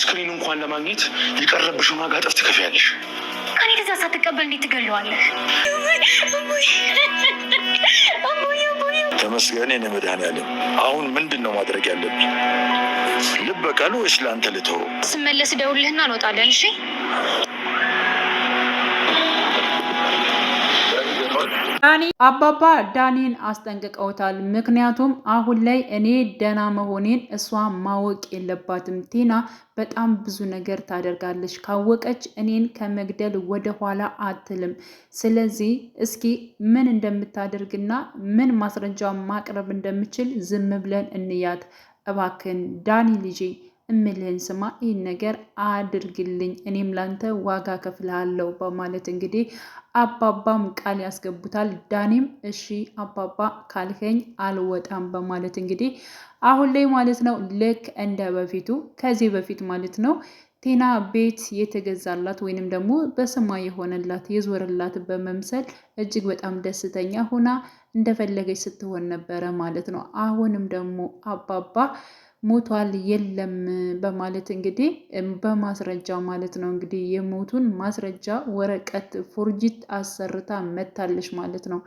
አስክሬን እንኳን ለማግኘት የቀረብሽን ዋጋ እጥፍ ትከፍያለሽ። ከኔ ትእዛዝ ሳትቀበል እንዴት ትገለዋለህ? ተመስገን የእኔ መድኃኒዓለም። አሁን ምንድን ነው ማድረግ ያለብኝ? ልበቀል ወይስ ለአንተ ልተው? ስመለስ ደውልህና እንወጣለን። እሺ ዳኒ አባባ ዳኒን አስጠንቅቀውታል። ምክንያቱም አሁን ላይ እኔ ደህና መሆኔን እሷ ማወቅ የለባትም። ቴና በጣም ብዙ ነገር ታደርጋለች። ካወቀች እኔን ከመግደል ወደኋላ አትልም። ስለዚህ እስኪ ምን እንደምታደርግና ምን ማስረጃ ማቅረብ እንደምችል ዝም ብለን እንያት። እባክን ዳኒ ልጄ እምልህን ስማ፣ ይህን ነገር አድርግልኝ፣ እኔም ላንተ ዋጋ ከፍልሃለሁ በማለት እንግዲህ አባባም ቃል ያስገቡታል። ዳኒም እሺ አባባ ካልከኝ አልወጣም በማለት እንግዲህ አሁን ላይ ማለት ነው ልክ እንደ በፊቱ ከዚህ በፊት ማለት ነው ቴና ቤት የተገዛላት ወይንም ደግሞ በስማ የሆነላት የዞረላት በመምሰል እጅግ በጣም ደስተኛ ሆና እንደፈለገች ስትሆን ነበረ ማለት ነው። አሁንም ደግሞ አባባ ሞቷል የለም በማለት እንግዲህ በማስረጃ ማለት ነው እንግዲህ የሞቱን ማስረጃ ወረቀት ፎርጅት አሰርታ መታለች ማለት ነው።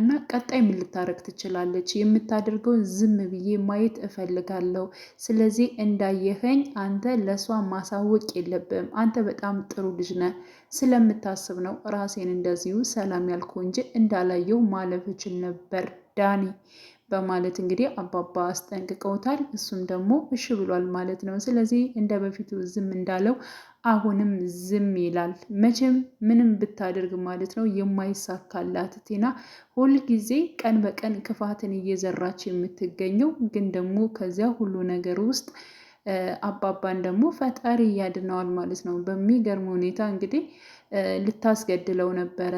እና ቀጣይ ምን ልታረግ ትችላለች? የምታደርገውን ዝም ብዬ ማየት እፈልጋለሁ። ስለዚህ እንዳየኸኝ አንተ ለእሷ ማሳወቅ የለብም። አንተ በጣም ጥሩ ልጅ ነህ። ስለምታስብ ነው ራሴን እንደዚሁ ሰላም ያልኩ እንጂ እንዳላየው ማለፍ እችል ነበር ዳኒ በማለት እንግዲህ አባባ አስጠንቅቀውታል። እሱም ደግሞ እሺ ብሏል ማለት ነው። ስለዚህ እንደ በፊቱ ዝም እንዳለው አሁንም ዝም ይላል። መቼም ምንም ብታደርግ ማለት ነው የማይሳካላት ቲና ሁልጊዜ ቀን በቀን ክፋትን እየዘራች የምትገኘው ግን ደግሞ ከዚያ ሁሉ ነገር ውስጥ አባባን ደግሞ ፈጣሪ ያድነዋል ማለት ነው። በሚገርም ሁኔታ እንግዲህ ልታስገድለው ነበረ።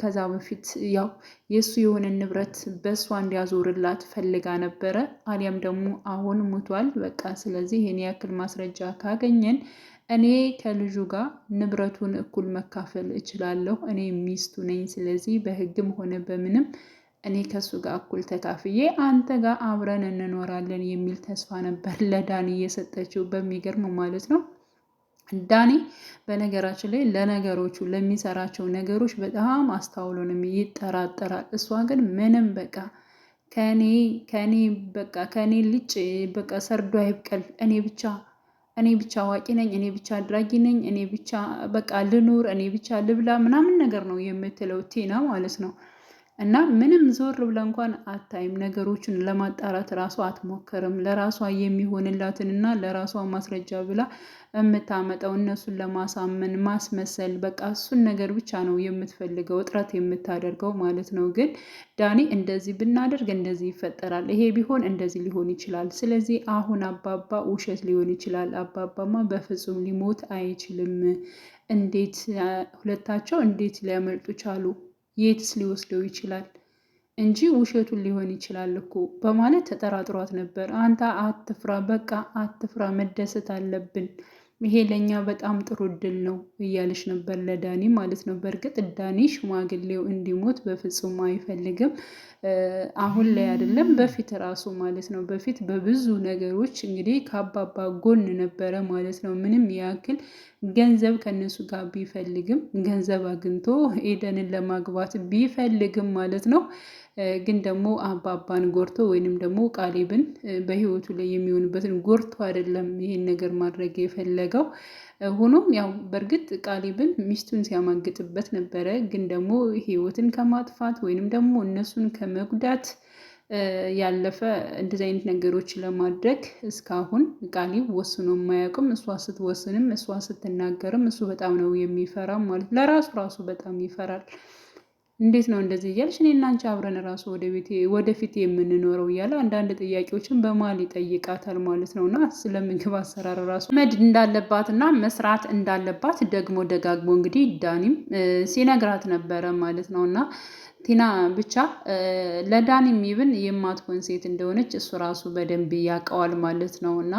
ከዛ በፊት ያው የእሱ የሆነ ንብረት በእሷ እንዲያዞርላት ፈልጋ ነበረ። አሊያም ደግሞ አሁን ሙቷል። በቃ ስለዚህ ይህን ያክል ማስረጃ ካገኘን እኔ ከልጁ ጋር ንብረቱን እኩል መካፈል እችላለሁ። እኔ ሚስቱ ነኝ። ስለዚህ በህግም ሆነ በምንም እኔ ከእሱ ጋር እኩል ተካፍዬ አንተ ጋር አብረን እንኖራለን የሚል ተስፋ ነበር ለዳኒ እየሰጠችው በሚገርም ማለት ነው ዳኒ በነገራችን ላይ ለነገሮቹ ለሚሰራቸው ነገሮች በጣም አስተውሎንም ይጠራጠራል። እሷ ግን ምንም በቃ ከኔ ከኔ በቃ ከኔ ልጭ በቃ ሰርዶ አይብቀል፣ እኔ ብቻ እኔ ብቻ አዋቂ ነኝ፣ እኔ ብቻ አድራጊ ነኝ፣ እኔ ብቻ በቃ ልኑር፣ እኔ ብቻ ልብላ ምናምን ነገር ነው የምትለው ቲና ማለት ነው። እና ምንም ዞር ብላ እንኳን አታይም። ነገሮችን ለማጣራት ራሷ አትሞክርም። ለራሷ የሚሆንላትን እና ለራሷ ማስረጃ ብላ የምታመጣው እነሱን ለማሳመን ማስመሰል፣ በቃ እሱን ነገር ብቻ ነው የምትፈልገው እጥረት የምታደርገው ማለት ነው። ግን ዳኒ እንደዚህ ብናደርግ እንደዚህ ይፈጠራል፣ ይሄ ቢሆን እንደዚህ ሊሆን ይችላል። ስለዚህ አሁን አባባ ውሸት ሊሆን ይችላል፣ አባባማ በፍጹም ሊሞት አይችልም። እንዴት ሁለታቸው እንዴት ሊያመልጡ ቻሉ? የትስ ሊወስደው ይችላል እንጂ ውሸቱን ሊሆን ይችላል እኮ በማለት ተጠራጥሯት ነበር። አንተ አትፍራ፣ በቃ አትፍራ፣ መደሰት አለብን ይሄ ለእኛ በጣም ጥሩ እድል ነው እያለች ነበር ለዳኒ ማለት ነው። በእርግጥ ዳኒ ሽማግሌው እንዲሞት በፍጹም አይፈልግም። አሁን ላይ አይደለም በፊት ራሱ ማለት ነው። በፊት በብዙ ነገሮች እንግዲህ ከአባባ ጎን ነበረ ማለት ነው። ምንም ያክል ገንዘብ ከነሱ ጋር ቢፈልግም ገንዘብ አግኝቶ ኤደንን ለማግባት ቢፈልግም ማለት ነው ግን ደግሞ አባባን ጎርቶ ወይንም ደግሞ ቃሊብን በህይወቱ ላይ የሚሆንበትን ጎርቶ አይደለም ይሄን ነገር ማድረግ የፈለገው። ሆኖም ያው በእርግጥ ቃሊብን ሚስቱን ሲያማግጥበት ነበረ። ግን ደግሞ ህይወትን ከማጥፋት ወይንም ደግሞ እነሱን ከመጉዳት ያለፈ እንደዚህ አይነት ነገሮች ለማድረግ እስካሁን ቃሊብ ወስኖ የማያውቅም። እሷ ስትወስንም እሷ ስትናገርም እሱ በጣም ነው የሚፈራ ማለት ለራሱ ራሱ በጣም ይፈራል። እንዴት ነው እንደዚህ እያልሽ እኔ እናንቺ አብረን ራሱ ወደፊት የምንኖረው እያለ አንዳንድ ጥያቄዎችን በማል ይጠይቃታል ማለት ነው። እና ስለ ምግብ አሰራር ራሱ መድ እንዳለባት እና መስራት እንዳለባት ደግሞ ደጋግሞ እንግዲህ ዳኒም ሲነግራት ነበረ ማለት ነው እና ቲና ብቻ ለዳን የሚብን የማትሆን ሴት እንደሆነች እሱ ራሱ በደንብ ያውቀዋል ማለት ነው። እና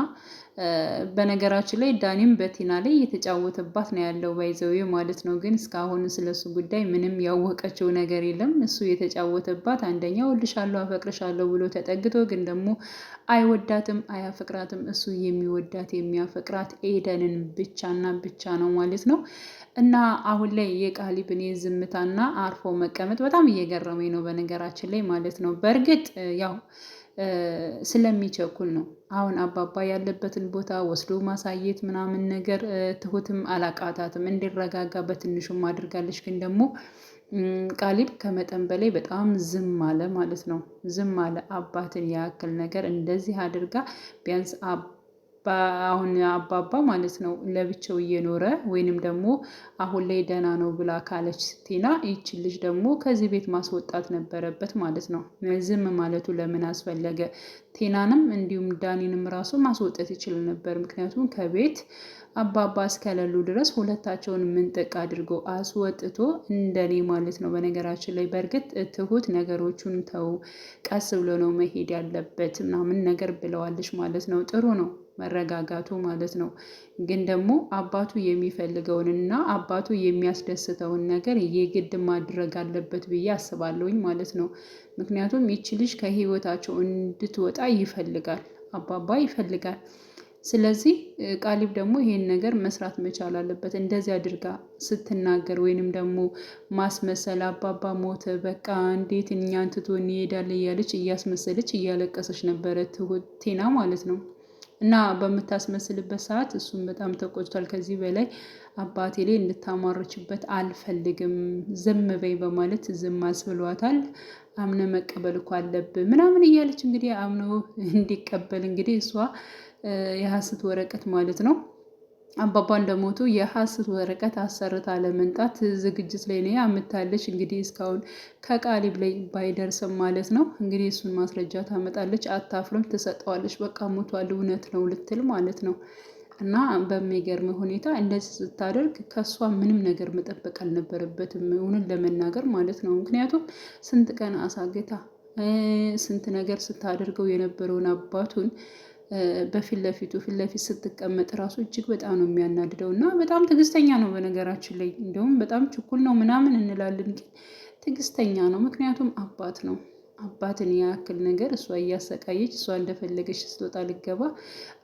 በነገራችን ላይ ዳኒም በቲና ላይ እየተጫወተባት ነው ያለው ባይዘው ማለት ነው። ግን እስካሁን ስለሱ ጉዳይ ምንም ያወቀችው ነገር የለም። እሱ የተጫወተባት አንደኛ ወድሻለሁ፣ አፈቅርሻለሁ ብሎ ተጠግቶ ግን ደግሞ አይወዳትም፣ አያፈቅራትም። እሱ የሚወዳት የሚያፈቅራት ኤደንን ብቻና ብቻ ነው ማለት ነው። እና አሁን ላይ የቃሊብን ዝምታና አርፎ መቀመጥ በጣም እየገረመኝ ነው፣ በነገራችን ላይ ማለት ነው። በእርግጥ ያው ስለሚቸኩል ነው። አሁን አባባ ያለበትን ቦታ ወስዶ ማሳየት ምናምን ነገር ትሁትም አላቃታትም፣ እንዲረጋጋ በትንሹም አድርጋለች። ግን ደግሞ ቃሊብ ከመጠን በላይ በጣም ዝም አለ ማለት ነው። ዝም አለ አባትን ያክል ነገር እንደዚህ አድርጋ ቢያንስ አሁን አባባ ማለት ነው ለብቻው እየኖረ ወይንም ደግሞ አሁን ላይ ደህና ነው ብላ ካለች ስቴና ይችን ልጅ ደግሞ ከዚህ ቤት ማስወጣት ነበረበት ማለት ነው። ዝም ማለቱ ለምን አስፈለገ? ቴናንም እንዲሁም ዳኒንም ራሱ ማስወጣት ይችል ነበር። ምክንያቱም ከቤት አባባ እስከሌሉ ድረስ ሁለታቸውን ምንጥቅ አድርጎ አስወጥቶ እንደኔ ማለት ነው። በነገራችን ላይ በእርግጥ ትሁት ነገሮቹን ተው፣ ቀስ ብሎ ነው መሄድ ያለበት ምናምን ነገር ብለዋለች ማለት ነው። ጥሩ ነው መረጋጋቱ ማለት ነው። ግን ደግሞ አባቱ የሚፈልገውንና አባቱ የሚያስደስተውን ነገር የግድ ማድረግ አለበት ብዬ አስባለሁኝ ማለት ነው። ምክንያቱም ይቺ ልጅ ከህይወታቸው እንድትወጣ ይፈልጋል አባባ ይፈልጋል። ስለዚህ ቃሊብ ደግሞ ይሄን ነገር መስራት መቻል አለበት። እንደዚህ አድርጋ ስትናገር ወይንም ደግሞ ማስመሰል አባባ ሞተ፣ በቃ እንዴት እኛን ትቶን ይሄዳል እያለች እያስመሰለች እያለቀሰች ነበረ ትሁት ቲና ማለት ነው። እና በምታስመስልበት ሰዓት እሱም በጣም ተቆጭቷል። ከዚህ በላይ አባቴ ላይ እንድታማረችበት አልፈልግም፣ ዝም በይ በማለት ዝም አስብሏታል። አምነ መቀበል እኮ አለብህ ምናምን እያለች እንግዲህ አምኖ እንዲቀበል እንግዲህ እሷ የሐሰት ወረቀት ማለት ነው አባባ እንደሞቱ የሐሰት ወረቀት አሰርታ ለመንጣት ዝግጅት ላይ ነው ያምታለች። እንግዲህ እስካሁን ከቃሊብ ላይ ባይደርስም ማለት ነው እንግዲህ እሱን ማስረጃ ታመጣለች። አታፍርም፣ ትሰጠዋለች። በቃ ሞቷል እውነት ነው ልትል ማለት ነው። እና በሚገርም ሁኔታ እንደዚህ ስታደርግ ከእሷ ምንም ነገር መጠበቅ አልነበረበትም፣ እውነት ለመናገር ማለት ነው። ምክንያቱም ስንት ቀን አሳግታ ስንት ነገር ስታደርገው የነበረውን አባቱን በፊት ለፊቱ ፊት ለፊት ስትቀመጥ ራሱ እጅግ በጣም ነው የሚያናድደው እና በጣም ትዕግስተኛ ነው በነገራችን ላይ እንዲሁም በጣም ችኩል ነው ምናምን እንላለን፣ ግን ትዕግስተኛ ነው። ምክንያቱም አባት ነው። አባትን ያክል ነገር እሷ እያሰቃየች እሷ እንደፈለገች ስትወጣ ልገባ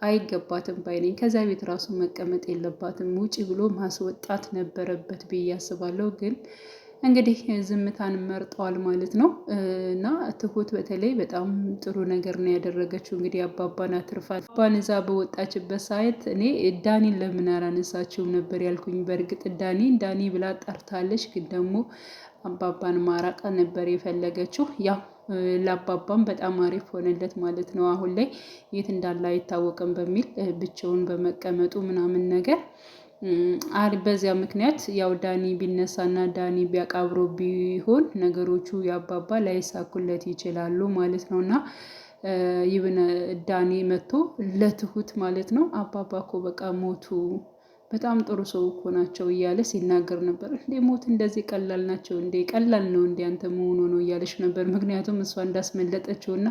አይገባትም ባይነኝ። ከዚያ ቤት ራሱ መቀመጥ የለባትም ውጪ ብሎ ማስወጣት ነበረበት ብዬ አስባለሁ ግን እንግዲህ ዝምታን መርጠዋል ማለት ነው። እና ትሁት በተለይ በጣም ጥሩ ነገር ነው ያደረገችው። እንግዲህ አባባን አትርፋል። አባን እዛ በወጣችበት ሳየት እኔ ዳኒን ለምን አላነሳችውም ነበር ያልኩኝ። በእርግጥ ዳኒ ዳኒ ብላ ጠርታለች፣ ግን ደግሞ አባባን ማራቅ ነበር የፈለገችው ያው ለአባባም በጣም አሪፍ ሆነለት ማለት ነው። አሁን ላይ የት እንዳለ አይታወቅም በሚል ብቻውን በመቀመጡ ምናምን ነገር በዚያ ምክንያት ያው ዳኒ ቢነሳና ዳኒ ቢያቃብሮ ቢሆን ነገሮቹ ያባባ ላይሳኩለት ይችላሉ ማለት ነው እና ይብን ዳኒ መጥቶ ለትሁት ማለት ነው አባባ እኮ በቃ ሞቱ በጣም ጥሩ ሰው እኮ ናቸው እያለ ሲናገር ነበር። እንዴ ሞት እንደዚህ ቀላል ናቸው እንዴ? ቀላል ነው እንዴ አንተ መሆኑ ነው እያለች ነበር። ምክንያቱም እሷ እንዳስመለጠችው እና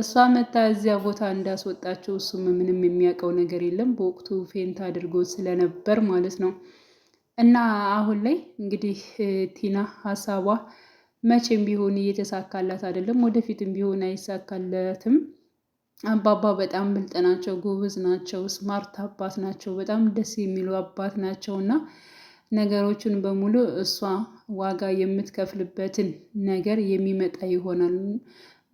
እሷ መታ እዚያ ቦታ እንዳስወጣቸው እሱም ምንም የሚያውቀው ነገር የለም። በወቅቱ ፌንት አድርጎ ስለነበር ማለት ነው። እና አሁን ላይ እንግዲህ ቲና ሀሳቧ መቼም ቢሆን እየተሳካላት አይደለም፣ ወደፊትም ቢሆን አይሳካለትም። አባባ በጣም ብልጥ ናቸው፣ ጎበዝ ናቸው፣ ስማርት አባት ናቸው። በጣም ደስ የሚሉ አባት ናቸው እና ነገሮችን በሙሉ እሷ ዋጋ የምትከፍልበትን ነገር የሚመጣ ይሆናል።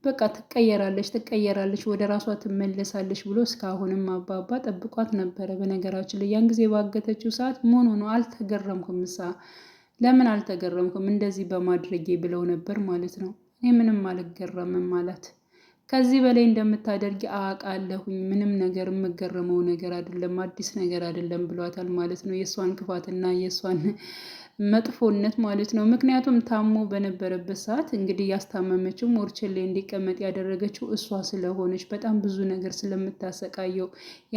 በቃ ትቀየራለች፣ ትቀየራለች፣ ወደ ራሷ ትመለሳለች ብሎ እስካሁንም አባባ ጠብቋት ነበረ። በነገራችን ላይ ያን ጊዜ ባገተችው ሰዓት መሆኑ ነው አልተገረምኩም፣ እሳ ለምን አልተገረምኩም እንደዚህ በማድረጌ ብለው ነበር ማለት ነው። እኔ ምንም አልገረምም ማለት ከዚህ በላይ እንደምታደርጊ አውቃለሁኝ። ምንም ነገር የምገረመው ነገር አይደለም፣ አዲስ ነገር አይደለም ብሏታል ማለት ነው። የእሷን ክፋትና የእሷን መጥፎነት ማለት ነው። ምክንያቱም ታሞ በነበረበት ሰዓት እንግዲህ ያስታመመችው ሞርቼሌ እንዲቀመጥ ያደረገችው እሷ ስለሆነች በጣም ብዙ ነገር ስለምታሰቃየው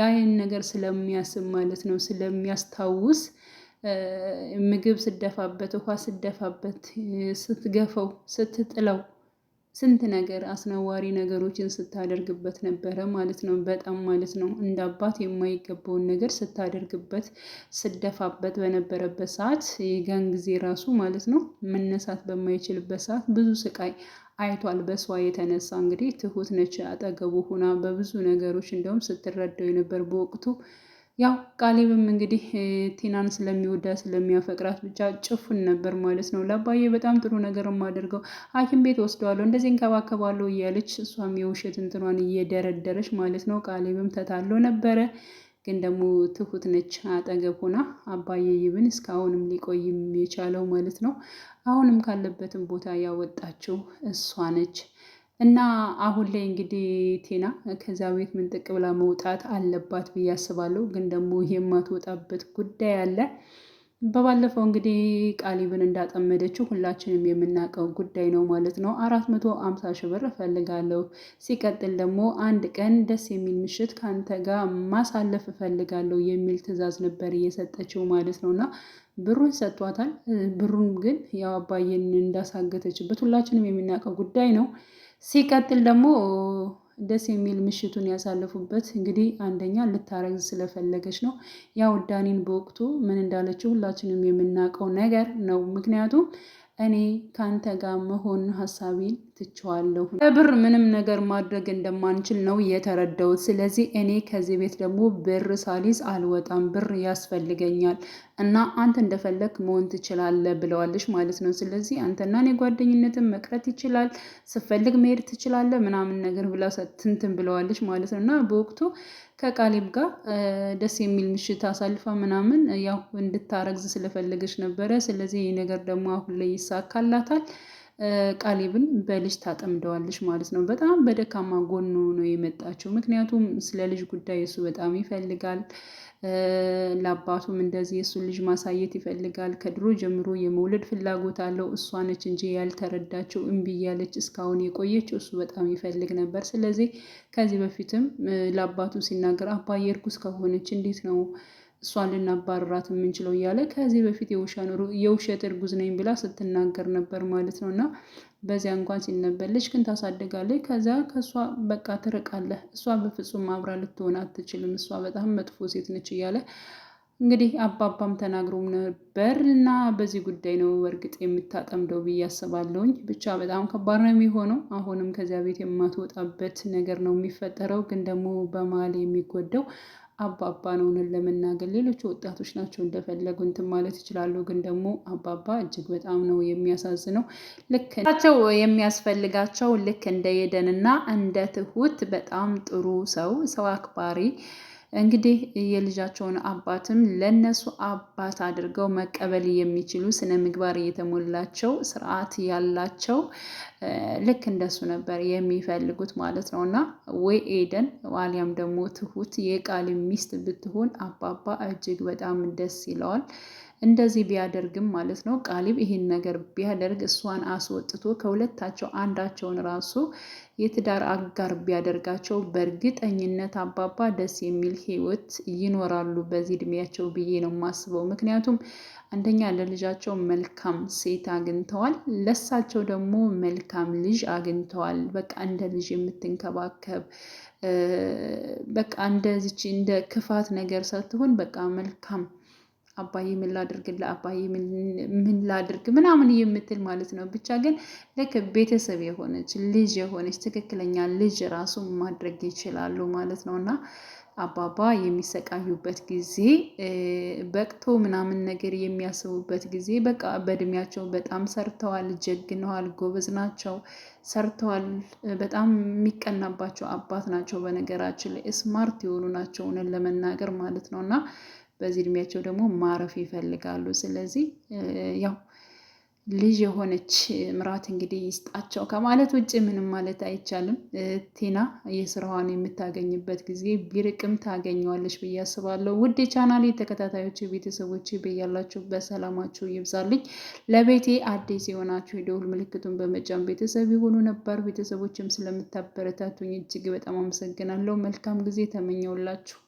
ያይን ነገር ስለሚያስብ ማለት ነው ስለሚያስታውስ ምግብ ስደፋበት፣ ውሃ ስደፋበት፣ ስትገፈው፣ ስትጥለው ስንት ነገር አስነዋሪ ነገሮችን ስታደርግበት ነበረ ማለት ነው። በጣም ማለት ነው እንደ አባት የማይገባውን ነገር ስታደርግበት ስደፋበት በነበረበት ሰዓት የጋን ጊዜ ራሱ ማለት ነው መነሳት በማይችልበት ሰዓት ብዙ ስቃይ አይቷል። በሷ የተነሳ እንግዲህ ትሁት ነች አጠገቡ ሁና በብዙ ነገሮች እንደውም ስትረዳው የነበር በወቅቱ ያው ቃሊብም እንግዲህ ቴናን ስለሚወዳ ስለሚያፈቅራት ብቻ ጭፉን ነበር ማለት ነው። ለአባዬ በጣም ጥሩ ነገር የማደርገው ሐኪም ቤት ወስደዋለሁ እንደዚህ እንከባከባለሁ እያለች እሷም የውሸት እንትኗን እየደረደረች ማለት ነው። ቃሊብም ተታሎ ነበረ። ግን ደግሞ ትሁት ነች አጠገብ ሆና አባዬ ይብን እስካሁንም ሊቆይም የቻለው ማለት ነው። አሁንም ካለበትም ቦታ ያወጣችው እሷ ነች። እና አሁን ላይ እንግዲህ ቴና ከዛ ቤት ምንጥቅ ብላ መውጣት አለባት ብዬ አስባለሁ። ግን ደግሞ የማትወጣበት ጉዳይ አለ። በባለፈው እንግዲህ ቃሊብን እንዳጠመደችው ሁላችንም የምናውቀው ጉዳይ ነው ማለት ነው። አራት መቶ አምሳ ሺህ ብር እፈልጋለሁ። ሲቀጥል ደግሞ አንድ ቀን ደስ የሚል ምሽት ከአንተ ጋር ማሳለፍ እፈልጋለሁ የሚል ትዕዛዝ ነበር እየሰጠችው ማለት ነው እና ብሩን ሰጥቷታል። ብሩን ግን ያው አባዬን እንዳሳገተችበት ሁላችንም የምናውቀው ጉዳይ ነው። ሲቀጥል ደግሞ ደስ የሚል ምሽቱን ያሳለፉበት እንግዲህ አንደኛ ልታረግዝ ስለፈለገች ነው። ያው ዳኒን በወቅቱ ምን እንዳለችው ሁላችንም የምናውቀው ነገር ነው። ምክንያቱም እኔ ከአንተ ጋር መሆን ሀሳቤን ትችዋለሁ። ለብር ምንም ነገር ማድረግ እንደማንችል ነው የተረዳሁት። ስለዚህ እኔ ከዚህ ቤት ደግሞ ብር ሳሊዝ አልወጣም፣ ብር ያስፈልገኛል እና አንተ እንደፈለግ መሆን ትችላለህ ብለዋለች ማለት ነው። ስለዚህ አንተና እኔ ጓደኝነትን መቅረት ይችላል፣ ስፈልግ መሄድ ትችላለህ ምናምን ነገር ብላ ትንትን ብለዋለች ማለት ነው እና በወቅቱ ከቃሌብ ጋር ደስ የሚል ምሽት አሳልፋ ምናምን ያው እንድታረግዝ ስለፈለገች ነበረ። ስለዚህ ይህ ነገር ደግሞ አሁን ላይ ይሳካላታል። ቃሌብን በልጅ ታጠምደዋለች ማለት ነው። በጣም በደካማ ጎኑ ነው የመጣችው። ምክንያቱም ስለ ልጅ ጉዳይ እሱ በጣም ይፈልጋል። ለአባቱም እንደዚህ የእሱን ልጅ ማሳየት ይፈልጋል። ከድሮ ጀምሮ የመውለድ ፍላጎት አለው። እሷ ነች እንጂ ያልተረዳችው፣ እምቢ እያለች እስካሁን የቆየችው። እሱ በጣም ይፈልግ ነበር። ስለዚህ ከዚህ በፊትም ለአባቱ ሲናገር አባዬ እርጉዝ ከሆነች እንዴት ነው እሷን ልናባረራት የምንችለው እያለ ከዚህ በፊት የውሸት እርጉዝ ነኝ ብላ ስትናገር ነበር ማለት ነው። እና በዚያ እንኳን ሲነበል ግን ታሳድጋለች። ከዚያ ከእሷ በቃ ትርቃለህ፣ እሷ በፍጹም አብራ ልትሆን አትችልም፣ እሷ በጣም መጥፎ ሴት ነች እያለ እንግዲህ አባባም ተናግሮም ነበር እና በዚህ ጉዳይ ነው በእርግጥ የምታጠምደው ብዬ አስባለሁኝ። ብቻ በጣም ከባድ ነው የሚሆነው። አሁንም ከዚያ ቤት የማትወጣበት ነገር ነው የሚፈጠረው። ግን ደግሞ በመሀል የሚጎዳው አባባ ነው እውነት ለመናገር ሌሎች ወጣቶች ናቸው እንደፈለጉ እንትን ማለት ይችላሉ። ግን ደግሞ አባባ እጅግ በጣም ነው የሚያሳዝነው። ልክቸው የሚያስፈልጋቸው ልክ እንደ የደንና እንደ ትሁት በጣም ጥሩ ሰው ሰው አክባሪ እንግዲህ የልጃቸውን አባትም ለነሱ አባት አድርገው መቀበል የሚችሉ ስነ ምግባር እየተሞላቸው ስርዓት ያላቸው ልክ እንደሱ ነበር የሚፈልጉት ማለት ነው። እና ወይ ኤደን ዋሊያም ደግሞ ትሁት የቃል ሚስት ብትሆን አባባ እጅግ በጣም ደስ ይለዋል። እንደዚህ ቢያደርግም ማለት ነው ቃሊብ ይህን ነገር ቢያደርግ እሷን አስወጥቶ ከሁለታቸው አንዳቸውን ራሱ የትዳር አጋር ቢያደርጋቸው በእርግጠኝነት አባባ ደስ የሚል ህይወት ይኖራሉ በዚህ እድሜያቸው ብዬ ነው የማስበው። ምክንያቱም አንደኛ ለልጃቸው መልካም ሴት አግኝተዋል፣ ለሳቸው ደግሞ መልካም ልጅ አግኝተዋል። በቃ እንደ ልጅ የምትንከባከብ በቃ እንደዚች እንደ ክፋት ነገር ሳትሆን በቃ መልካም አባዬ ምን ላድርግልህ፣ አባዬ ምን ላድርግ ምናምን የምትል ማለት ነው። ብቻ ግን ልክ ቤተሰብ የሆነች ልጅ የሆነች ትክክለኛ ልጅ ራሱ ማድረግ ይችላሉ ማለት ነው። እና አባባ የሚሰቃዩበት ጊዜ በቅቶ ምናምን ነገር የሚያስቡበት ጊዜ በቃ በእድሜያቸው በጣም ሰርተዋል፣ ጀግነዋል፣ ጎበዝ ናቸው፣ ሰርተዋል። በጣም የሚቀናባቸው አባት ናቸው። በነገራችን ላይ ስማርት የሆኑ ናቸው እውነት ለመናገር ማለት ነው እና በዚህ እድሜያቸው ደግሞ ማረፍ ይፈልጋሉ። ስለዚህ ያው ልጅ የሆነች ምራት እንግዲህ ይስጣቸው ከማለት ውጭ ምንም ማለት አይቻልም። ቴና የስራዋን የምታገኝበት ጊዜ ቢርቅም ታገኘዋለች ብዬ አስባለሁ። ውድ ቻናል ተከታታዮች ቤተሰቦች ብያላችሁ በሰላማችሁ ይብዛልኝ። ለቤቴ አዲስ የሆናችሁ የደውል ምልክቱን በመጫን ቤተሰብ የሆኑ ነባር ቤተሰቦችም ስለምታበረታቱኝ እጅግ በጣም አመሰግናለሁ። መልካም ጊዜ ተመኘውላችሁ።